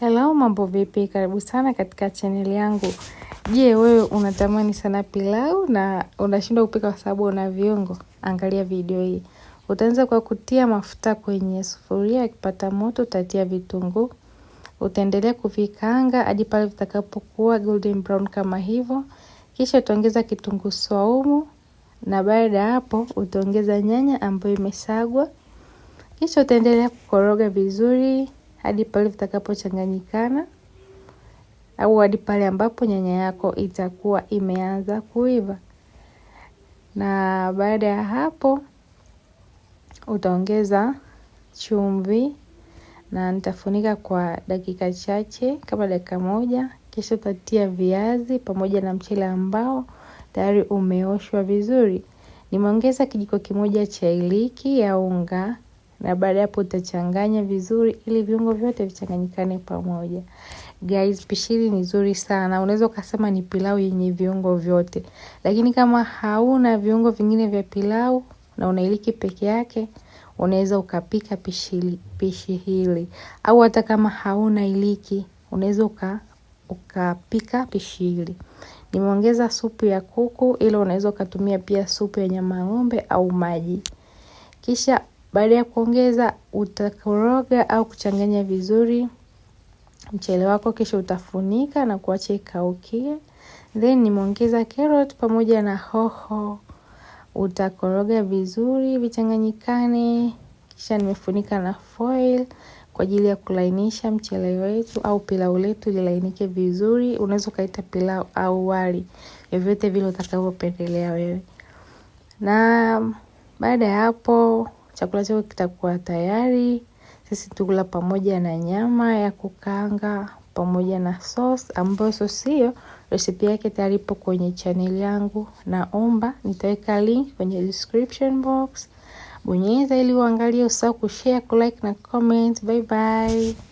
Hello, mambo vipi? Karibu sana katika chaneli yangu. Je, wewe unatamani sana pilau na unashindwa kupika kwa sababu una viungo? Angalia video hii. Utaanza kwa kutia mafuta kwenye sufuria, ikipata moto utatia vitunguu. Utaendelea kuvikaanga hadi pale vitakapokuwa golden brown kama hivyo. Kisha utaongeza kitunguu swaumu na baada ya hapo utaongeza nyanya ambayo imesagwa. Kisha utaendelea kukoroga vizuri hadi pale vitakapochanganyikana au hadi pale ambapo nyanya yako itakuwa imeanza kuiva. Na baada ya hapo utaongeza chumvi na nitafunika kwa dakika chache kama dakika moja, kisha utatia viazi pamoja na mchele ambao tayari umeoshwa vizuri. Nimeongeza kijiko kimoja cha iliki ya unga na baada hapo utachanganya vizuri ili viungo vyote vichanganyikane pamoja. Guys, pishili ni nzuri sana, unaweza ukasema ni pilau yenye viungo vyote, lakini kama hauna viungo vingine vya pilau na unailiki peke yake unaweza ukapika pishili pishi hili au hata kama hauna iliki unaweza uka, ukapika pishi hili. Nimeongeza supu ya kuku, ila unaweza ukatumia pia supu ya nyama ng'ombe au maji. Kisha baada ya kuongeza, utakoroga au kuchanganya vizuri mchele wako, kisha utafunika na kuacha ikaukie. Then nimeongeza carrot pamoja na hoho, utakoroga vizuri vichanganyikane, kisha nimefunika na foil kwa ajili ya kulainisha mchele wetu au pilau letu lilainike vizuri. Unaweza ukaita pilau au wali, vyovyote vile utakavyopendelea wewe. Na baada ya hapo Chakula chako kitakuwa tayari. Sisi tukula pamoja na nyama ya kukanga pamoja na sauce ambayo sauce hiyo recipe yake tayari ipo kwenye channel yangu. Naomba nitaweka link kwenye description box. Bonyeza ili uangalie, usahau kushare, kulike na comment. Bye bye.